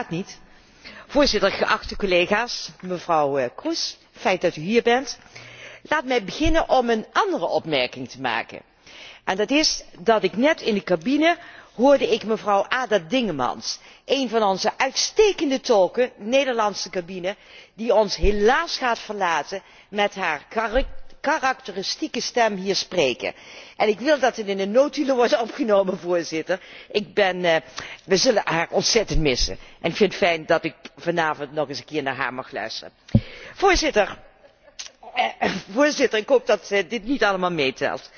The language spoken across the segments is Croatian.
gaat niet. voorzitter geachte collega's mevrouw eh, kroes fijn dat u hier bent. laat mij beginnen om een andere opmerking te maken en dat is dat ik net in de cabine hoorde ik mevrouw ada dingemans een van onze uitstekende tolken nederlandse cabine die ons helaas gaat verlaten met haar karakteristieke stem hier spreken en ik wil dat het in de notulen wordt opgenomen voorzitter. Eh, we zullen haar ontzettend missen en ik vind het fijn dat ik vanavond nog eens een keer naar haar mag luisteren. voorzitter eh, eh, ik hoop dat dit niet allemaal meetelt.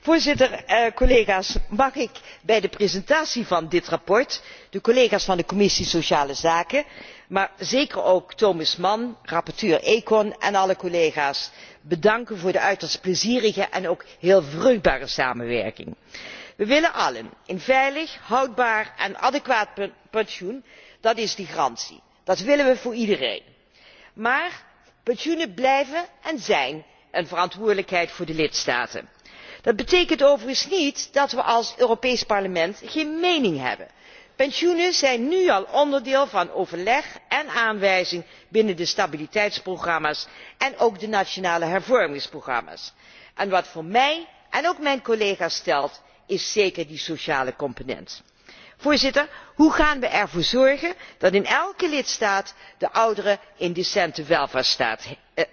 voorzitter collega's mag ik bij de presentatie van dit verslag de collega's van de commissie sociale zaken maar zeker ook thomas mann rapporteur econ en alle collega's bedanken voor de uiterst plezierige en ook heel vruchtbare samenwerking. we willen allen een veilig houdbaar en adequaat pensioen dat is de garantie. dat willen we voor iedereen. maar pensioenen blijven en zijn een verantwoordelijkheid voor de lidstaten. dat betekent overigens niet dat we als europees parlement geen mening hebben pensioenen zijn nu al onderdeel van overleg en aanwijzing binnen de stabiliteitsprogramma's en ook de nationale hervormingsprogramma's. wat voor mij en ook mijn collega's stelt is zeker die sociale component. voorzitter hoe gaan we ervoor zorgen dat in elke lidstaat de oudere een decente eh,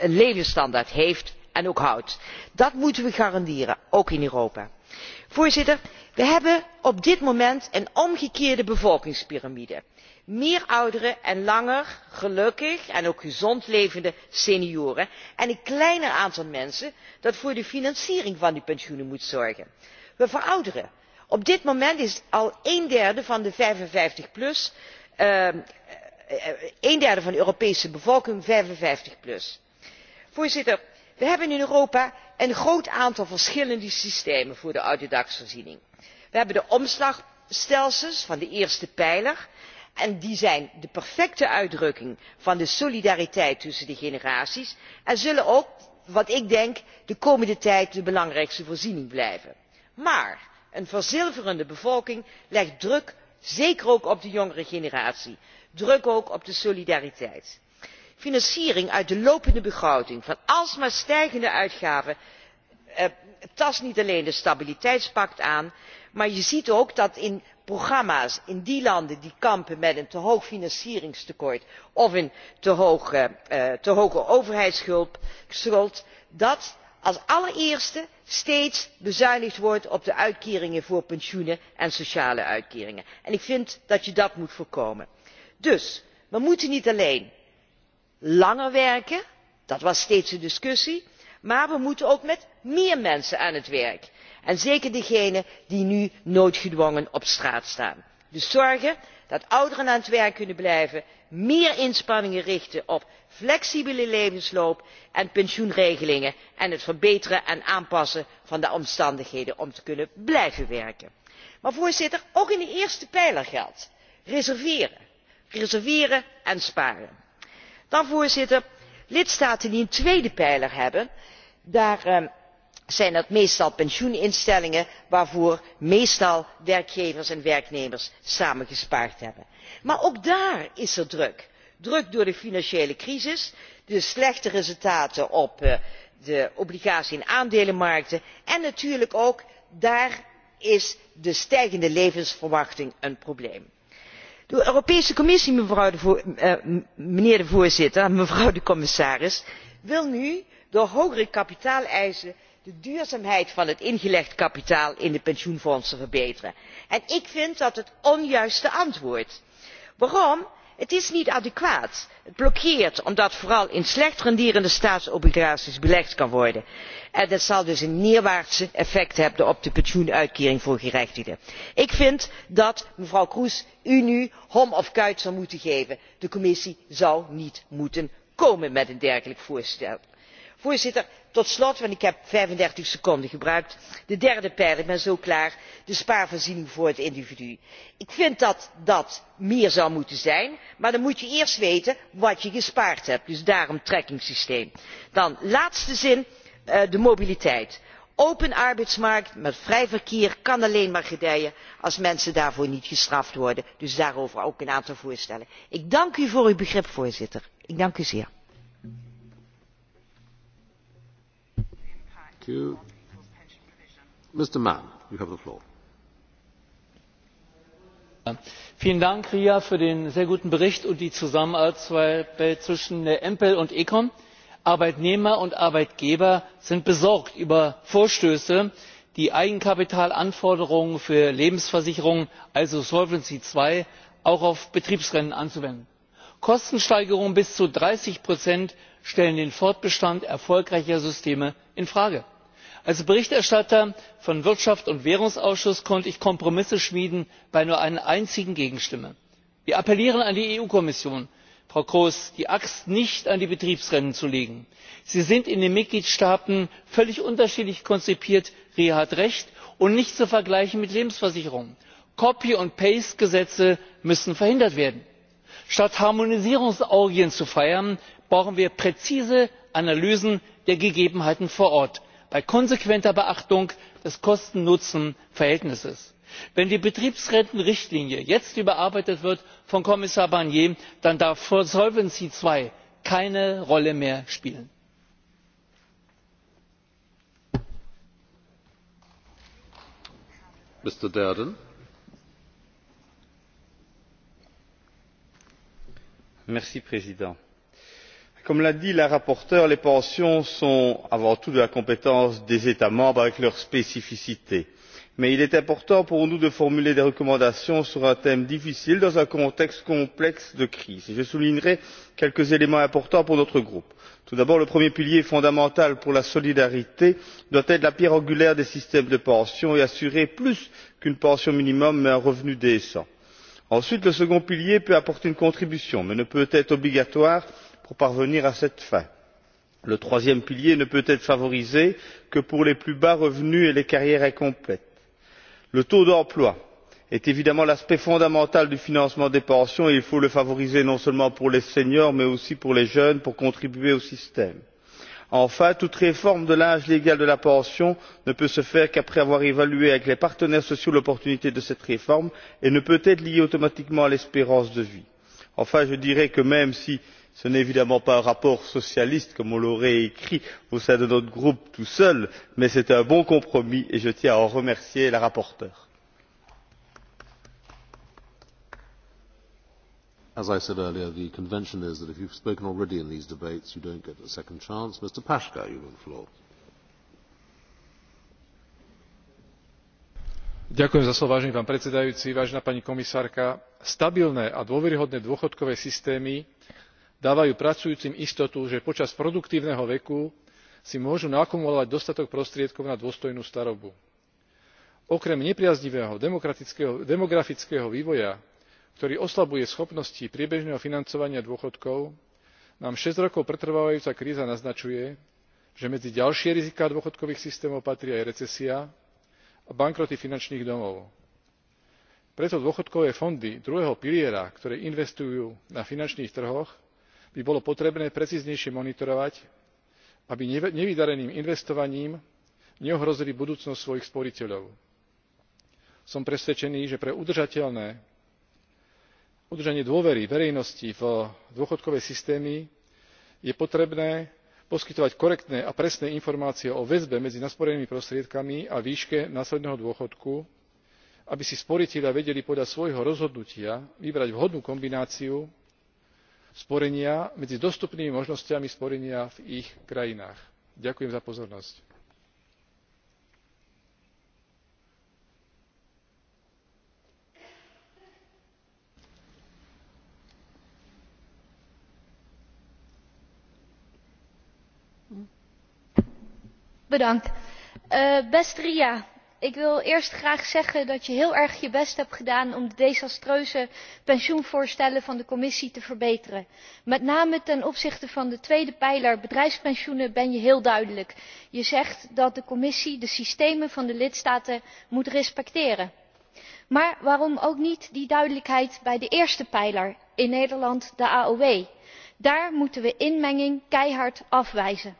een levensstandaard heeft en ook houdt? dat moeten we garanderen ook in europa voorzitter we hebben op dit moment een omgekeerde bevolkingspiramide meer ouderen en langer gelukkig en ook gezond levende senioren en een kleiner aantal mensen dat voor de financiering van die pensioenen moet zorgen. we verouderen. op dit moment is al ehm, eh, een derde van de europese bevolking vijfenvijftig plus. voorzitter we hebben in europa een groot aantal verschillende systemen voor de autodaksvoorziening. we hebben de omslagstelsels van de eerste pijler en die zijn de perfecte uitdrukking van de solidariteit tussen de generaties en zullen ook wat ik denk de komende tijd de belangrijkste voorziening blijven. maar een verzilverende bevolking legt druk zeker ook op de jongere generatie druk ook op de solidariteit financiering uit de lopende begroting van alsmaar stijgende uitgaven eh, tast niet alleen de stabiliteitspact aan maar je ziet ook dat in programma's in die landen die kampen met een te hoog financieringstekort of een te eh, eh, hoge overheidsschuld als allereerste steeds bezuinigd wordt op de uitkeringen voor pensioenen en sociale uitkeringen. ik vind dat je dat moet voorkomen. dus we moeten niet alleen langer werken dat was steeds de discussie maar we moeten ook met meer mensen aan het werk en zeker degenen die nu noodgedwongen op straat staan. dus zorgen dat ouderen aan het werk kunnen blijven meer inspanningen richten op flexibele levensloop en pensioenregelingen en het verbeteren en aanpassen van de omstandigheden om te kunnen blijven werken. maar voorzitter ook in de eerste pijler geldt reserveren reserveren en sparen dan voorzitter lidstaten die een tweede pijler hebben daar ehm, zijn het meestal pensioeninstellingen waarvoor meestal werkgevers en werknemers samen gespaard hebben. maar ook daar is er druk druk door de financiële crisis de slechte resultaten op eh, de obligatie en aandelenmarkten en natuurlijk ook daar is de stijgende levensverwachting een probleem de europese commissie mijnheer eh, de voorzitter mevrouw de commissaris wil nu door hogere kapitaaleisen de duurzaamheid van het ingelegd kapitaal in de pensioenfondsen verbeteren en ik vind dat het onjuiste antwoord. waarom? het is niet adequaat het blokkeert omdat vooral in slecht renderende staatsobligaties belegd kan worden en dat zal dus een neerwaarts effect hebben op de pensioenuitkering voor gerechtigden. ik vind dat mevrouw kroes u nu hom of kuit zou moeten geven. de commissie zou niet moeten komen met een dergelijk voorstel voorzitter tot slot want ik heb vijfendertig seconden gebruikt de derde pijler ik ben zo klaar de spaarvoorziening voor het individu. ik vind dat dat meer zou moeten zijn maar dan moet je eerst weten wat je gespaard hebt dus daarom het dan laatste zin eh, de mobiliteit. open arbeidsmarkt met vrij verkeer kan alleen maar gedijen als mensen daarvoor niet gestraft worden dus daarover ook een aantal voorstellen. ik dank u voor uw begrip voorzitter ik dank u zeer. Vielen Dank, Ria, für den sehr guten Bericht und die Zusammenarbeit zwischen der EMPL und ECON. Arbeitnehmer und Arbeitgeber sind besorgt über Vorstöße, die Eigenkapitalanforderungen für Lebensversicherungen, also Solvency II, auch auf Betriebsrenten anzuwenden kostensteigerungen bis zu dreißig stellen den fortbestand erfolgreicher systeme in frage. als berichterstatter von wirtschaft und währungsausschuss konnte ich kompromisse schmieden bei nur einer einzigen gegenstimme. wir appellieren an die eu kommission frau kroes die axt nicht an die betriebsrenten zu legen. sie sind in den mitgliedstaaten völlig unterschiedlich konzipiert ria hat recht und nicht zu vergleichen mit lebensversicherungen. copy and paste gesetze müssen verhindert werden statt harmonisierungsorgien zu feiern brauchen wir präzise analysen der gegebenheiten vor ort bei konsequenter beachtung des kosten nutzen verhältnisses. wenn die betriebsrentenrichtlinie jetzt überarbeitet wird von kommissar barnier dann darf solvency ii keine rolle mehr spielen. monsieur le président comme l'a dit la rapporteure les pensions sont avant tout de la compétence des états membres avec leurs spécificités mais il est important pour nous de formuler des recommandations sur un thème difficile dans un contexte complexe de crise et je soulignerai quelques éléments importants pour notre groupe. tout d'abord le premier pilier fondamental pour la solidarité doit être la pierre angulaire des systèmes de pension et assurer plus qu'une pension minimum mais un revenu décent ensuite le second pilier peut apporter une contribution mais ne peut être obligatoire pour parvenir à cette fin. le troisième pilier ne peut être favorisé que pour les plus bas revenus et les carrières incomplètes. le taux d'emploi est évidemment l'aspect fondamental du financement des pensions et il faut le favoriser non seulement pour les seniors mais aussi pour les jeunes pour contribuer au système enfin toute réforme de l'âge légal de la pension ne peut se faire qu'après avoir évalué avec les partenaires sociaux l'opportunité de cette réforme et ne peut être liée automatiquement à l'espérance de vie. enfin je dirais que même si ce n'est évidemment pas un rapport socialiste comme on l'aurait écrit au sein de notre groupe tout seul c'est un bon compromis et je tiens à en remercier la rapporteure. as I said earlier, the convention is that if you've spoken already in these debates, you don't get a second chance. Mr. Pashka, you have the floor. Ďakujem za slovo, vážený pán predsedajúci, vážená pani komisárka. Stabilné a dôveryhodné dôchodkové systémy dávajú pracujúcim istotu, že počas produktívneho veku si môžu naakumulovať dostatok prostriedkov na dôstojnú starobu. Okrem nepriaznivého demografického vývoja ktorý oslabuje schopnosti priebežného financovania dôchodkov nám šesť rokov pretrvávajúca kríza naznačuje že medzi ďalšie riziká dôchodkových systémov patrí aj recesia a bankroty finančných domov. preto dôchodkové fondy druhého piliera ktoré investujú na finančných trhoch by bolo potrebné precíznejšie monitorovať aby nevydareným investovaním neohrozili budúcnosť svojich sporiteľov. som presvedčený že pre udržateľné udržanie dôvery verejnosti v dôchodkové systémy je potrebné poskytovať korektné a presné informácie o väzbe medzi nasporenými prostriedkami a výške následného dôchodku aby si sporitelia vedeli podľa svojho rozhodnutia vybrať vhodnú kombináciu sporenia medzi dostupnými možnosťami sporenia v ich krajinách. ďakujem za pozornosť. Eh, beste ria ik wil eerst graag zeggen dat je heel erg je best hebt gedaan om de desastreuze pensioenvoorstellen van de commissie te verbeteren. met name ten opzichte van de tweede pijler bedrijfspensioenen ben je heel duidelijk. je zegt dat de commissie de systemen van de lidstaten moet respecteren. maar waarom ook niet die duidelijkheid bij de eerste pijler in nederland de aow? daar moeten we inmenging keihard afwijzen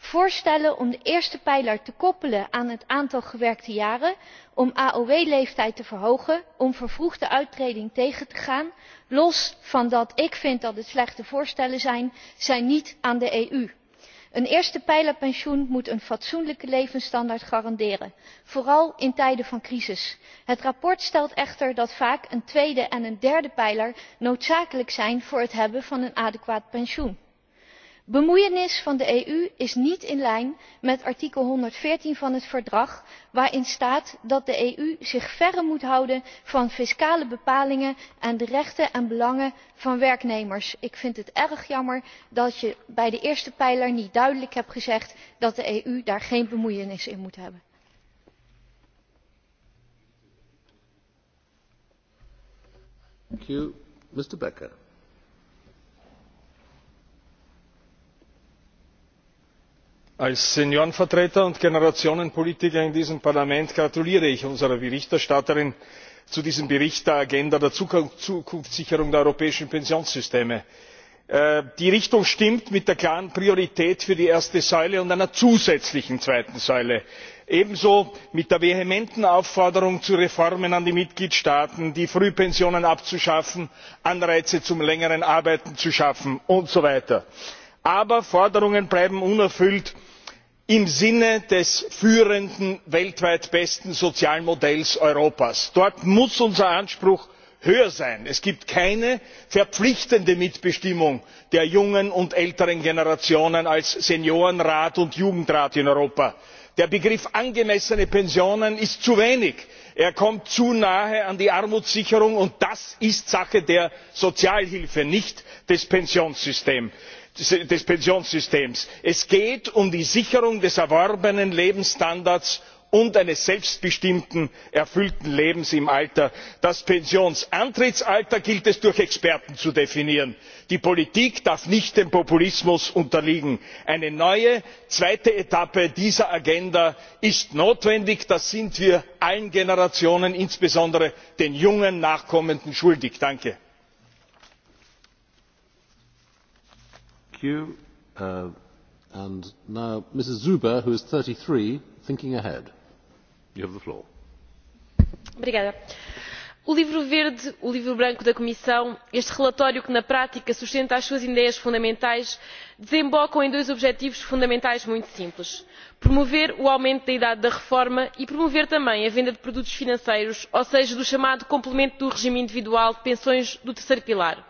voorstellen om de eerste pijler te koppelen aan het aantal gewerkte jaren om aow leeftijd te verhogen om vervroegde uittreding tegen te gaan los van dat ik vind dat het slechte voorstellen zijn zijn niet aan de eu. een eerste pijlerpensioen moet een fatsoenlijke levensstandaard garanderen vooral in tijden van crisis. het verslag stelt echter dat vaak een tweede en een derde pijler noodzakelijk zijn voor het hebben van een adequaat pensioen bemoeienis van de eu is niet in lijn met artikel honderdveertien van het verdrag waarin staat dat de eu zich verre moet houden van fiscale bepalingen en de rechten en belangen van werknemers. ik vind het erg jammer dat je bij de eerste pijler niet duidelijk hebt gezegd dat de eu daar geen bemoeienis in moet hebben. als seniorenvertreter und generationenpolitiker in diesem parlament gratuliere ich unserer berichterstatterin zu diesem bericht der agenda der zukunftssicherung der europäischen pensionssysteme. Äh, die richtung stimmt mit der klaren priorität für die erste säule und einer zusätzlichen zweiten säule ebenso mit der vehementen aufforderung zu reformen an die mitgliedstaaten die frühpensionen abzuschaffen anreize zum längeren arbeiten zu schaffen und so weiter. aber forderungen bleiben unerfüllt im sinne des führenden weltweit besten sozialmodells europas. dort muss unser anspruch höher sein. es gibt keine verpflichtende mitbestimmung der jungen und älteren generationen als seniorenrat und jugendrat in europa. der begriff angemessene pensionen ist zu wenig er kommt zu nahe an die armutssicherung und das ist sache der sozialhilfe nicht des pensionssystems des pensionssystems. es geht um die sicherung des erworbenen lebensstandards und eines selbstbestimmten erfüllten lebens im alter. das pensionsantrittsalter gilt es durch experten zu definieren. die politik darf nicht dem populismus unterliegen. eine neue zweite etappe dieser agenda ist notwendig das sind wir allen generationen insbesondere den jungen nachkommenden schuldig! Obrigada. O livro verde, o livro branco da Comissão, este relatório que na prática sustenta as suas ideias fundamentais, desembocam em dois objetivos fundamentais muito simples. Promover o aumento da idade da reforma e promover também a venda de produtos financeiros, ou seja, do chamado complemento do regime individual de pensões do terceiro pilar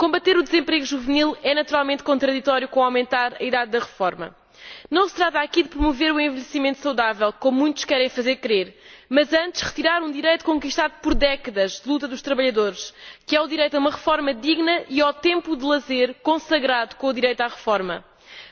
combater o desemprego juvenil é naturalmente contraditório com aumentar a idade da reforma. não se trata aqui de promover o envelhecimento saudável como muitos querem fazer crer mas antes de retirar um direito conquistado por décadas de luta dos trabalhadores que é o direito a uma reforma digna e ao tempo de lazer consagrado com o direito à reforma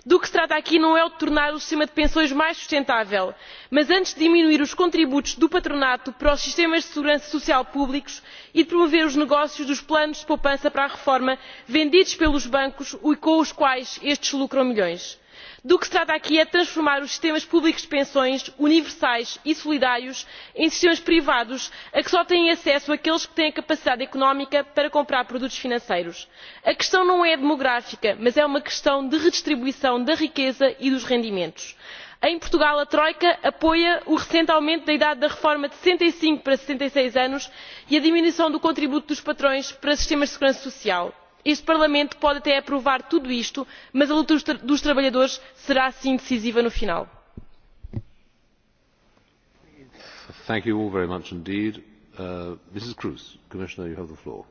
do que se trata aqui não é de tornar o sistema de pensões mais sustentável mas antes de diminuir os contributos do patronato para os sistemas de segurança social públicos e de promover os negócios dos planos de poupança para a reforma vendidos pelos bancos e com os quais estes lucram milhões do que se trata aqui é transformar os sistemas públicos de pensões universais e solidários em sistemas privados a que só têm acesso aqueles que têm capacidade económica para comprar produtos financeiros. a questão não é demográfica mas é uma questão de redistribuição da riqueza e dos rendimentos. em portugal a troika apoia o recente aumento da idade da reforma de sessenta e cinco para sessenta e seis anos e a diminuição do contributo dos patrões para sistemas de segurança social este parlamento pode até aprovar tudo isto mas a luta dos trabalhadores será sim decisiva no final. Thank you all very much indeed. Uh, Mrs. Commissioner, you have the floor.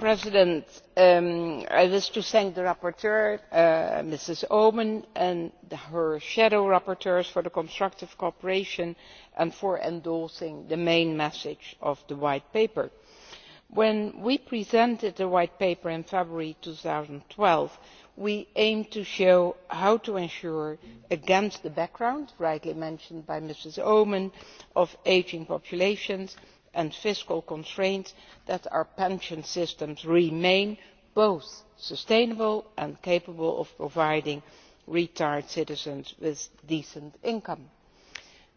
Um, I wish to thank the rapporteur, uh, Ms Mrs. Omen, and her shadow rapporteurs for the constructive cooperation and for endorsing the main message of the white paper when we presented the white paper in february two thousand and twelve we aimed to show how to ensure against the background rightly mentioned by mrs oomen of ageing populations and fiscal constraints that our pension systems remain both sustainable and capable of providing retired citizens with decent income.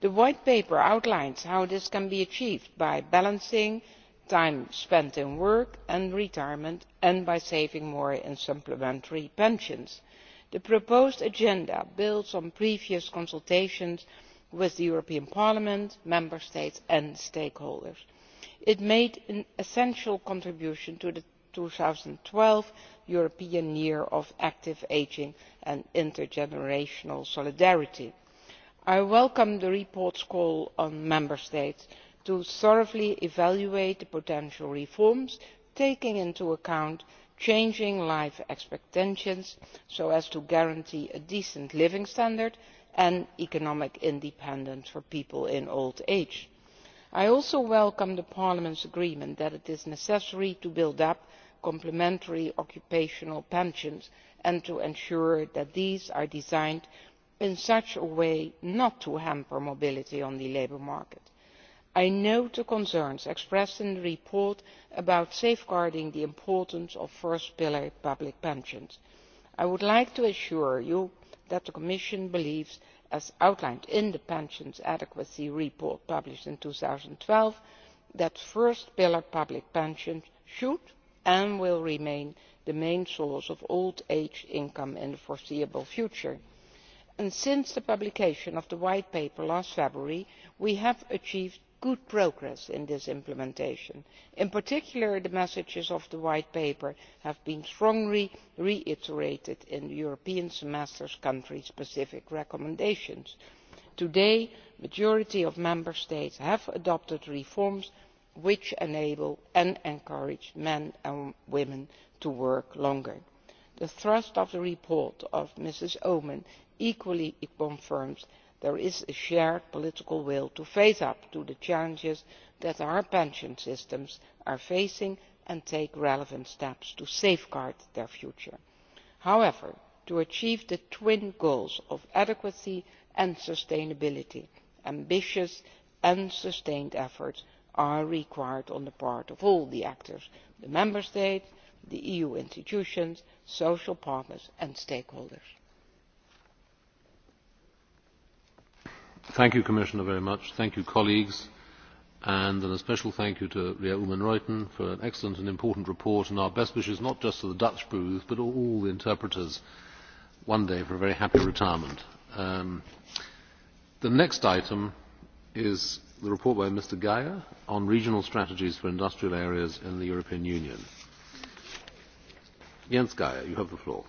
the white paper outlines how this can be achieved by balancing time spent in work and retirement and by saving more in supplementary pensions. the proposed agenda builds on previous consultations with the european parliament member states and stakeholders. it made an essential contribution to the two twelve european year of active ageing and intergenerational solidarity. i welcome the report's call on member states to thoroughly evaluate the potential reforms taking into account changing life expectations so as to guarantee a decent living standard and economic independence for people in old age. i also welcome parliament's agreement that it is necessary to build up complementary occupational pensions and to ensure that these are designed in such a way as not to hamper mobility on the labour market i note the concerns expressed in the report about safeguarding the importance of first pillar public pensions. i would like to assure you that the commission believes as outlined in the pensions adequacy report published in two twelve that first pillar public pensions should and will remain the main source of old age income in the foreseeable future since the publication of the white paper last february we have achieved good progress in this implementation. in particular the messages of the white paper have been strongly reiterated in the european semester's country specific recommendations. today the majority of member states have adopted reforms which enable and encourage men and women to work longer. the thrust of the report of Ms oomen ruijten equally confirms there is a shared political will to face up to the challenges that our pension systems are facing and take relevant steps to safeguard their future. however to achieve the twin goals of adequacy and sustainability ambitious and sustained efforts are required on the part of all the actors the member states the eu institutions social partners and stakeholders. Thank you, Commissioner, very much. Thank you, colleagues. And a special thank you to Ria oomen for an excellent and important report, and our best wishes not just to the Dutch booth, but all the interpreters one day for a very happy retirement. Um, the next item is the report by Mr. Geyer on regional strategies for industrial areas in the European Union. Jens Geyer, you have the floor.